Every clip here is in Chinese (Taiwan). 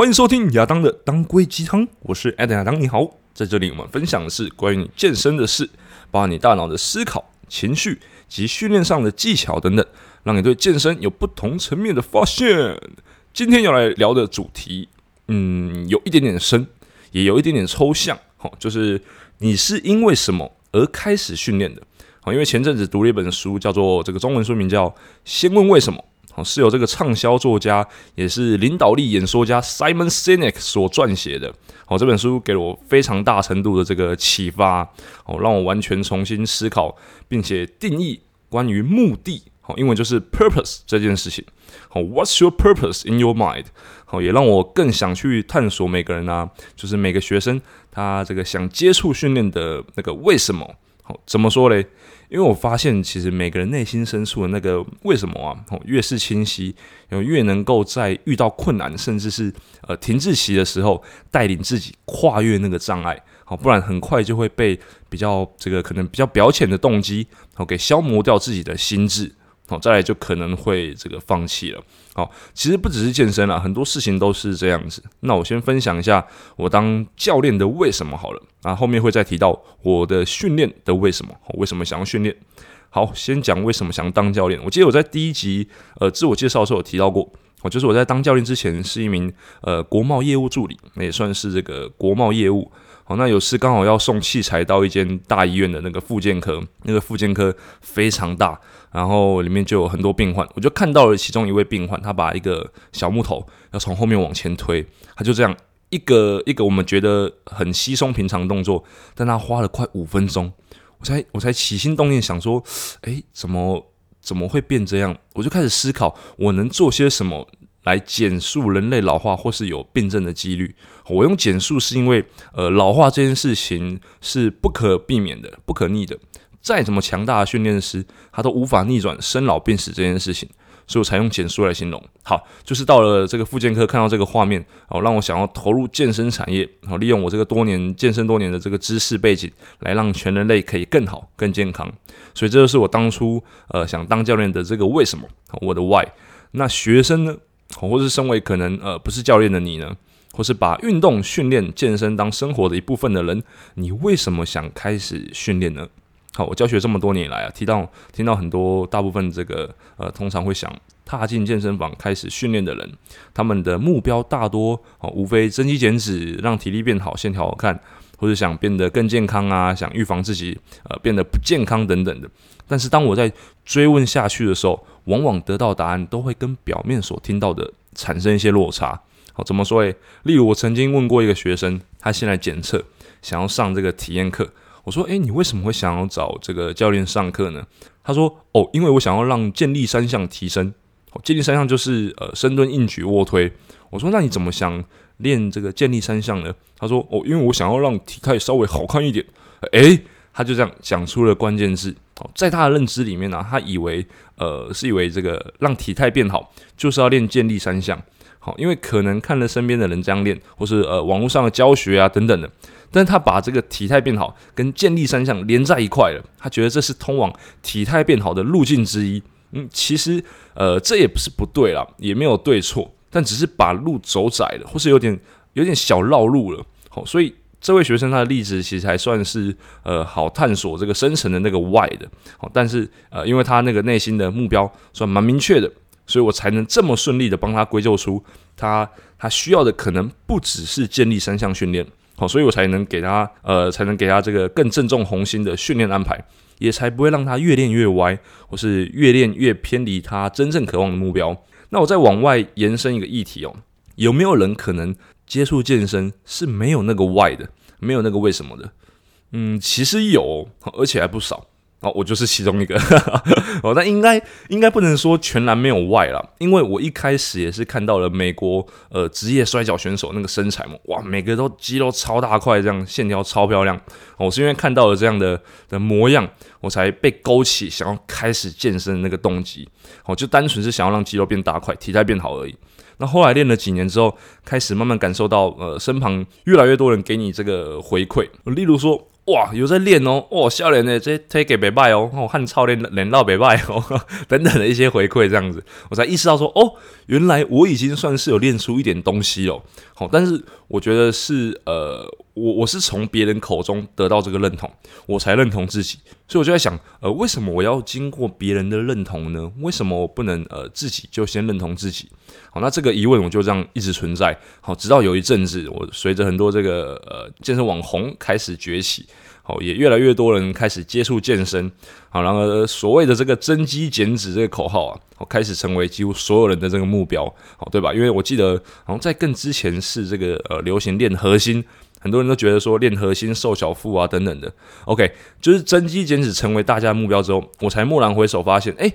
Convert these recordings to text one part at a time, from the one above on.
歡迎收聽亞當的當歸雞湯，我是 Adam 亞當，你好，在這裡我們分享的是關於你健身的事，把你大腦的思考、情緒及訓練上的技巧等等，讓你對健身有不同層面的發現。今天要來聊的主題，嗯，有一點點深，也有一點點抽象，好，就是你是因為什麼而開始訓練的？好，因為前陣子讀了一本書，叫做這個中文書名叫《先問為什麼》。好，是由這個暢銷作家，也是領導力演說家 Simon Sinek 所撰寫的。好，這本書給了我非常大程度的這個啟發，好，讓我完全重新思考，並且定義關於目的。好，英文就是 purpose 這件事情。好，What's your purpose in your mind？好，也讓我更想去探索每個人啊，就是每個學生他這個想接觸訓練的那個為什麼？好，怎麼說嘞？因為我發現，其實每個人內心深處的那個為什麼啊，哦，越是清晰，越能夠在遇到困難，甚至是呃停滯期的時候，帶領自己跨越那個障礙，好，不然很快就會被比較這個可能比較表淺的動機，好，給消磨掉自己的心智。好、哦，再來就可能會這個放棄了。好，其實不只是健身啦，很多事情都是這樣子。那我先分享一下我當教練的為什麼好了，啊，後面會再提到我的訓練的為什麼，我為什麼想要訓練。好，先講為什麼想要當教練。我記得我在第一集呃自我介紹的時候有提到過，我就是我在當教練之前是一名呃國貿業務助理，那也算是這個國貿業務。好，那有次剛好要送器材到一間大醫院的那個復健科，那個復健科非常大，然後裡面就有很多病患，我就看到了其中一位病患，他把一個小木頭要從後面往前推，他就這樣一個一個我們覺得很稀鬆平常的動作，但他花了快五分鐘，我才我才起心動念想說，哎、欸，怎麼怎麼會變這樣？我就開始思考我能做些什麼。來減速人類老化或是有病症的幾率。我用減速是因為，呃，老化這件事情是不可避免的，不可逆的。再怎麼強大的訓練師，他都無法逆轉生老病死這件事情，所以我才用減速來形容。好，就是到了這個復健科，看到這個畫面，哦，讓我想要投入健身產業，好，哦，利用我這個多年健身多年的這個知識背景，來讓全人類可以更好、更健康。所以這就是我當初呃想當教練的這個為什麼，我的 why。那學生呢？或者是身為可能呃不是教練的你呢，或是把運動訓練、健身當生活的一部分的人，你為什麼想開始訓練呢？好，我教學這麼多年來啊，提到聽到很多，大部分這個呃，通常會想踏進健身房開始訓練的人，他們的目標大多哦，無非增肌減脂，讓體力變好，線條好看。或者想變得更健康啊，想預防自己呃變得不健康等等的。但是當我在追問下去的時候，往往得到答案都會跟表面所聽到的產生一些落差。好，怎麼說誒、欸？例如我曾經問過一個學生，他現在檢測，想要上這個體驗課。我說：“誒、欸，你為什麼會想要找這個教練上課呢？”他說：“哦，因為我想要讓健力三項提升。好，健力三項就是呃深蹲、硬舉、臥推。”我說：“那你怎麼想？”練這個健力三項呢？他說哦，因為我想要讓體態稍微好看一點。哎、欸，他就這樣講出了關鍵字。好，在他的認知裡面呢、啊，他以為呃是以為這個讓體態變好，就是要練健力三項。好，因為可能看了身邊的人這樣練，或是呃網絡上的教學啊等等的，但是他把這個體態變好跟健力三項連在一塊了，他覺得這是通往體態變好的路徑之一。嗯，其實呃這也不是不對啦，也沒有對錯。但只是把路走窄了，或是有點有點小繞路了，好，所以這位學生他的例子其實還算是呃好探索這個深層的那個 why 的，好，但是呃因為他那個內心的目標算蠻明確的，所以我才能這麼順利的幫他歸咎出他他需要的可能不只是建立三項訓練，好，所以我才能給他呃才能給他這個更正中紅心的訓練安排，也才不會讓他越練越歪，或是越練越偏離他真正渴望的目標。那我再往外延伸一個議題哦，有沒有人可能接觸健身是沒有那個 why 的，沒有那個為什麼的？嗯，其實有，而且還不少。哦，我就是其中一個哦， 但應該應該不能說全然沒有外啦，因為我一開始也是看到了美國呃職業摔角選手那個身材嘛，哇，每個都肌肉超大塊，這樣線條超漂亮。我是因為看到了這樣的的模樣，我才被勾起想要開始健身的那個動機。哦，就單純是想要讓肌肉變大塊，體態變好而已。那後來練了幾年之後，開始慢慢感受到呃身旁越來越多人給你這個回饋，例如說，哇，有在練哦，哇，笑臉 e it by 北拜哦，看我漢超練練到北拜哦呵呵，等等的一些回饋這樣子，我才意識到說，哦，原來我已經算是有練出一點東西哦，好，但是我覺得是呃。我我是從別人口中得到這個認同，我才認同自己，所以我就在想，呃，為什麼我要經過別人的認同呢？為什麼我不能呃自己就先認同自己？好，那這個疑問我就這樣一直存在。好，直到有一陣子，我隨着很多這個呃健身網紅開始崛起，好，也越來越多人開始接觸健身。好，然而所謂的這個增肌減脂這個口號啊，我開始成為幾乎所有人的這個目標，好，對吧？因為我記得，然後在更之前是這個呃流行練核心。很多人都覺得說練核心瘦小腹啊等等的，OK，就是增肌減脂成為大家的目標之後，我才驀然回首發現，誒，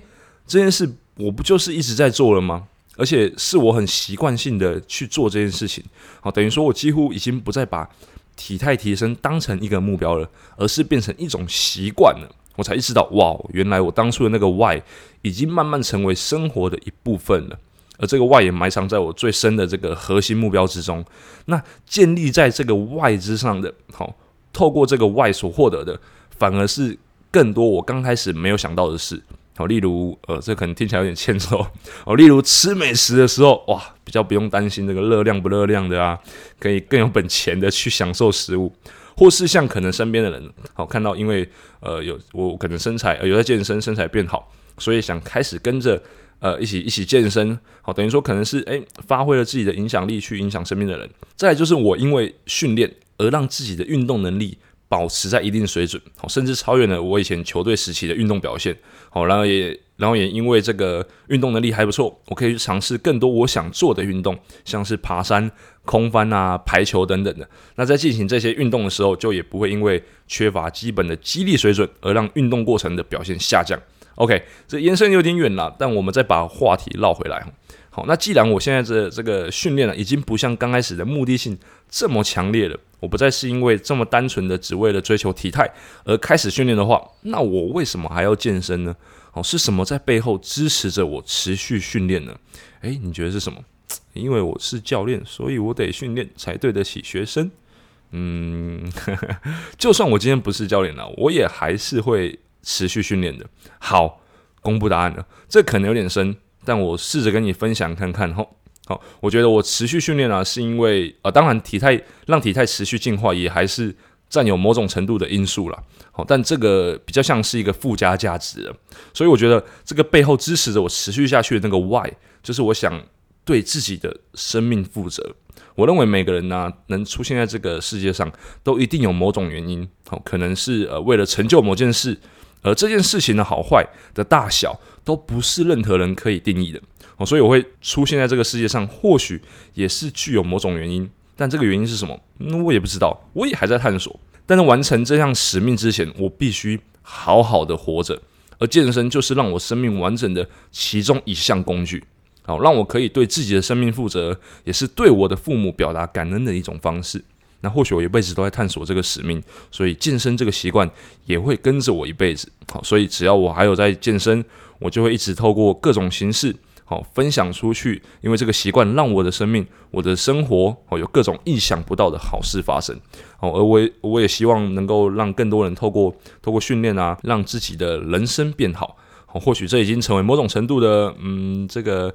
這件事我不就是一直在做了嗎？而且是我很習慣性的去做這件事情，好，等於說我幾乎已經不再把體態提升當成一個目標了，而是變成一種習慣了，我才意識到，哇哦，原來我當初的那個 why 已經慢慢成為生活的一部分了。而這個 why 也埋藏在我最深的這個核心目標之中。那建立在這個 why 之上的，好、哦，透過這個 why 所獲得的，反而是更多我剛開始沒有想到的事。好、哦，例如，呃，這可能聽起來有點欠揍哦，例如吃美食的時候，哇，比較不用擔心這個熱量不熱量的啊，可以更有本錢的去享受食物，或是像可能身邊的人，好、哦，看到因為呃有我可能身材、呃、有在健身，身材變好，所以想開始跟着。呃，一起一起健身，好，等於說可能是誒，發揮了自己的影響力去影響身邊的人。再來就是我因為訓練而讓自己的運動能力保持在一定水準，好，甚至超越了我以前球隊時期的運動表現。好，然後也然後也因為這個運動能力還不錯，我可以去嘗試更多我想做的運動，像是爬山、空翻啊、排球等等的。那在進行這些運動的時候，就也不會因為缺乏基本的肌力水準而讓運動過程的表現下降。OK，這延伸有點遠了，但我們再把話題繞回來。好，那既然我現在這這個訓練呢、啊，已經不像剛開始的目的性這麼強烈了，我不再是因為這麼單純的只為了追求體態而開始訓練的話，那我為什麼還要健身呢？哦，是什麼在背後支持着我持續訓練呢？誒，你覺得是什麼？因為我是教練，所以我得訓練才對得起學生。嗯， 就算我今天不是教練了、啊，我也還是會。持續訓練的好，公布答案了。這可能有點深，但我試着跟你分享看看。吼，好，我覺得我持續訓練呢、啊，是因為呃，當然體態，讓體態持續進化，也還是占有某種程度的因素了。好，但這個比較像是一個附加價值了。所以我覺得這個背後支持着我持續下去的那個 why，就是我想對自己的生命負責。我認為每個人呢、啊，能出現在這個世界上，都一定有某種原因。吼，可能是呃，為了成就某件事。而這件事情的好壞的大小都不是任何人可以定義的哦，所以我會出現在這個世界上，或許也是具有某種原因，但這個原因是什麼？那我也不知道，我也還在探索。但是完成這項使命之前，我必須好好的活着，而健身就是讓我生命完整的其中一項工具，好讓我可以對自己的生命負責，也是對我的父母表達感恩的一種方式。那或許我一輩子都在探索這個使命，所以健身這個習慣也會跟着我一輩子。好，所以只要我還有在健身，我就會一直透過各種形式，好，分享出去，因為這個習慣讓我的生命、我的生活哦，有各種意想不到的好事發生。哦，而我也我也希望能夠讓更多人透過透過訓練啊，讓自己的人生變好。或許這已經成為某種程度的，嗯，這個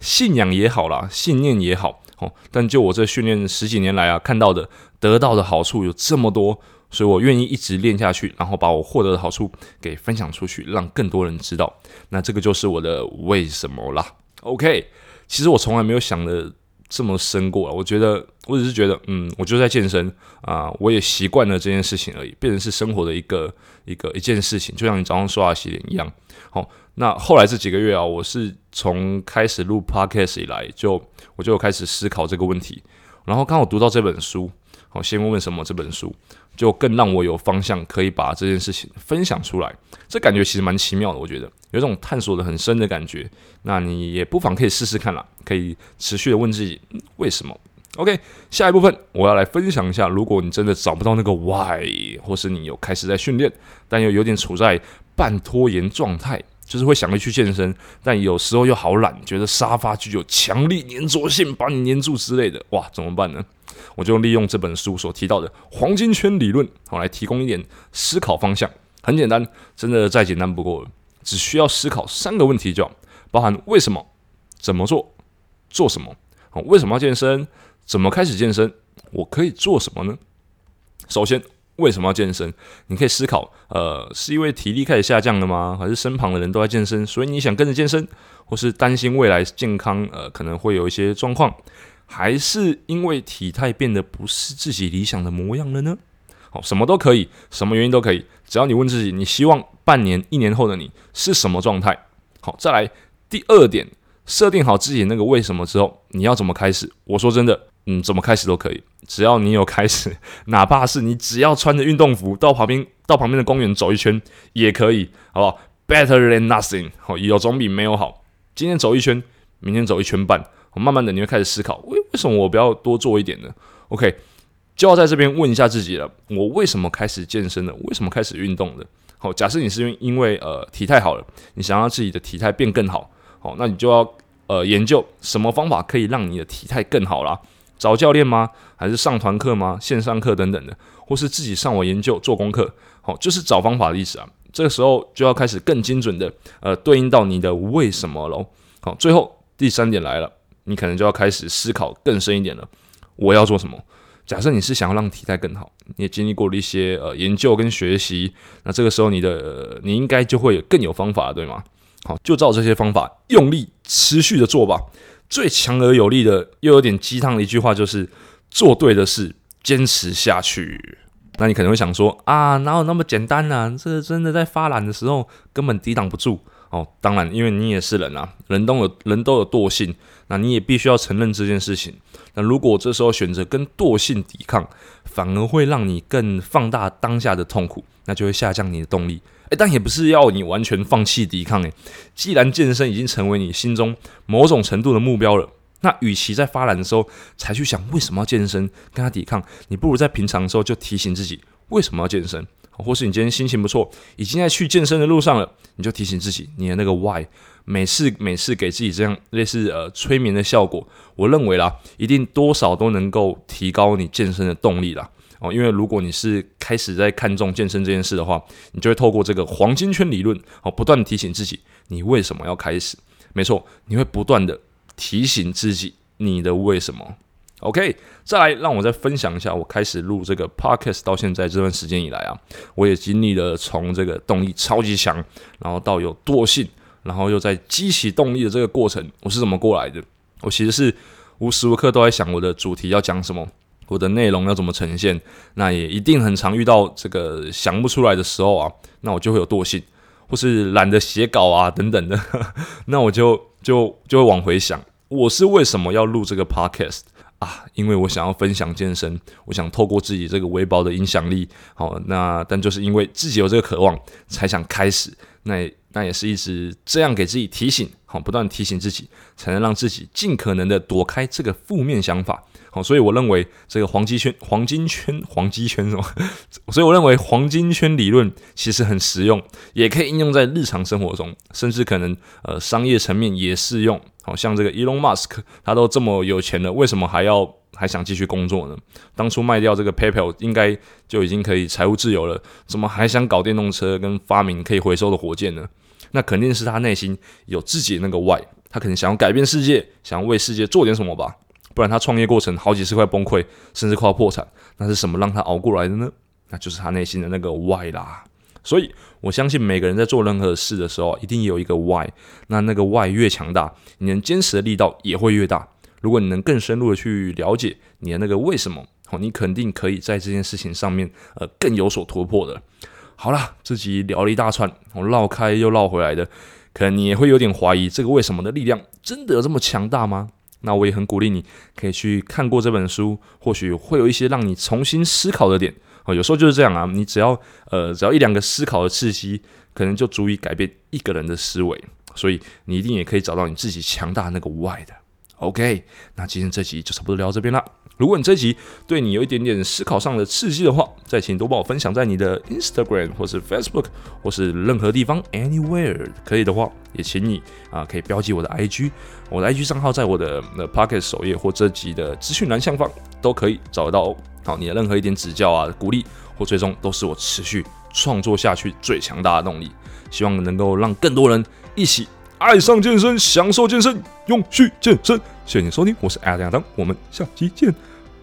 信仰也好啦，信念也好哦，但就我這訓練十幾年來啊，看到的得到的好處有這麼多，所以我願意一直練下去，然後把我獲得的好處給分享出去，讓更多人知道。那這個就是我的為什麼啦。OK，其實我從來沒有想的。這麼深過，啊，我覺得我只是覺得，嗯，我就在健身啊，我也習慣了這件事情而已，變成是生活的一個一個一件事情，就像你早上刷牙洗臉一樣。好，那後來這幾個月啊，我是從開始錄 podcast 以來就，就我就開始思考這個問題，然後剛好讀到這本書。好，先問為什麼這本書。就更讓我有方向，可以把這件事情分享出來，這感覺其實蠻奇妙的。我覺得有一種探索的很深的感覺，那你也不妨可以試試看啦，可以持續的問自己為什麼。OK，下一部分我要來分享一下，如果你真的找不到那個 Why，或是你有開始在訓練，但又有點處在半拖延狀態。就是會想着去健身，但有時候又好懶，覺得沙發具有強力粘着性，把你粘住之類的，哇，怎麼辦呢？我就利用這本書所提到的黃金圈理論，好來提供一點思考方向。很簡單，真的再簡單不過了，只需要思考三個問題就好，包含為什麼、怎麼做、做什麼。好，為什麼要健身？怎麼開始健身？我可以做什麼呢？首先。為什麼要健身？你可以思考，呃，是因為體力開始下降了嗎？還是身旁的人都在健身，所以你想跟着健身？或是擔心未來健康，呃，可能會有一些狀況？還是因為體態變得不是自己理想的模樣了呢？好，什麼都可以，什麼原因都可以，只要你問自己，你希望半年、一年後的你是什麼狀態？好，再來第二點，設定好自己那個為什麼之後，你要怎麼開始？我說真的。嗯，怎麼開始都可以，只要你有開始，哪怕是你只要穿着運動服到旁邊到旁邊的公園走一圈也可以，好不好？Better than nothing，好，有總比沒有好。今天走一圈，明天走一圈半，慢慢的你會開始思考，為為什麼我不要多做一點呢？OK，就要在這邊問一下自己了，我為什麼開始健身的？為什麼開始運動的？好，假設你是因為呃體態好了，你想要自己的體態變更好，好，那你就要呃研究什麼方法可以讓你的體態更好啦。找教練嗎？還是上團課嗎？線上課等等的，或是自己上網研究做功課，好，就是找方法的意思啊。這個時候就要開始更精準的，呃，對應到你的為什麼嘍。好，最後第三點來了，你可能就要開始思考更深一點了。我要做什麼？假設你是想要讓體態更好，你也經歷過了一些呃研究跟學習，那這個時候你的、呃、你應該就會更有方法了，對嗎？好，就照這些方法用力持續的做吧。最強而有力的，又有點雞湯的一句話就是：做對的事，堅持下去。那你可能會想說：啊，哪有那麼簡單呢、啊？這個真的在發懶的時候根本抵擋不住哦。當然，因為你也是人啊，人都有，人都有惰性。那你也必須要承認這件事情。那如果這時候選擇跟惰性抵抗，反而會讓你更放大當下的痛苦，那就會下降你的動力，欸。但也不是要你完全放棄抵抗、欸。既然健身已經成為你心中某種程度的目標了，那與其在發懶的時候才去想為什麼要健身，跟他抵抗，你不如在平常的時候就提醒自己為什麼要健身。或是你今天心情不錯，已經在去健身的路上了，你就提醒自己你的那個 why。每次每次給自己這樣類似呃催眠的效果，我認為啦，一定多少都能夠提高你健身的動力啦。哦，因為如果你是開始在看重健身這件事的話，你就會透過這個黃金圈理論哦，不斷提醒自己你為什麼要開始。沒錯，你會不斷的提醒自己你的為什麼。OK，再來讓我再分享一下，我開始錄這個 Podcast 到現在這段時間以來啊，我也經歷了從這個動力超級強，然後到有惰性。然後又在激起動力的這個過程，我是怎麼過來的？我其實是無時無刻都在想我的主題要講什麼，我的內容要怎麼呈現。那也一定很常遇到這個想不出來的時候啊，那我就會有惰性，或是懶得寫稿啊等等的。 那我就就就會往回想，我是為什麼要錄這個 podcast 啊？因為我想要分享健身，我想透過自己這個微薄的影響力，好，那但就是因為自己有這個渴望，才想開始。那也那也是一直這樣給自己提醒，好，不斷提醒自己，才能讓自己盡可能的躲開這個負面想法。好，所以我認為這個黃金圈、黃金圈、黃金圈是吧？所以我認為黃金圈理論其實很實用，也可以應用在日常生活中，甚至可能呃商業層面也適用。好像這個 Elon Musk 他都這麼有錢了，為什麼還要還想繼續工作呢？當初賣掉這個 PayPal 應該就已經可以財務自由了，怎麼還想搞電動車跟發明可以回收的火箭呢？那肯定是他內心有自己的那個 why，他可能想要改變世界，想要為世界做點什麼吧。不然他創業過程好幾次快崩潰，甚至快要破產，那是什麼讓他熬過來的呢？那就是他內心的那個 Why 啦。所以我相信每個人在做任何事的時候，一定有一個 Why。那那個 Why 越強大，你能堅持的力道也會越大。如果你能更深入的去了解你的那個為什麼，哦，你肯定可以在這件事情上面呃更有所突破的。好啦，這集聊了一大串，我繞開又繞回來的，可能你也會有點懷疑，這個為什麼的力量真的有這麼強大嗎？那我也很鼓勵你，可以去看過這本書，或許會有一些讓你重新思考的點啊、哦。有時候就是這樣啊，你只要呃只要一兩個思考的刺激，可能就足以改變一個人的思維。所以你一定也可以找到你自己強大的那個 WHY 的。OK，那今天這集就差不多聊到這邊了。如果你這集對你有一點點思考上的刺激的話，再請多幫我分享在你的 Instagram 或是 Facebook 或是任何地方 anywhere 可以的話，也請你啊可以標記我的 IG，我的 IG 賬號在我的 Podcast 首頁或這集的資訊欄下方都可以找得到哦。好，你的任何一點指教啊、鼓勵或最終都是我持續創作下去最強大的動力。希望能夠讓更多人一起愛上健身、享受健身、永續健身。謝謝你收聽，我是 Adam 亞當，我們下期見。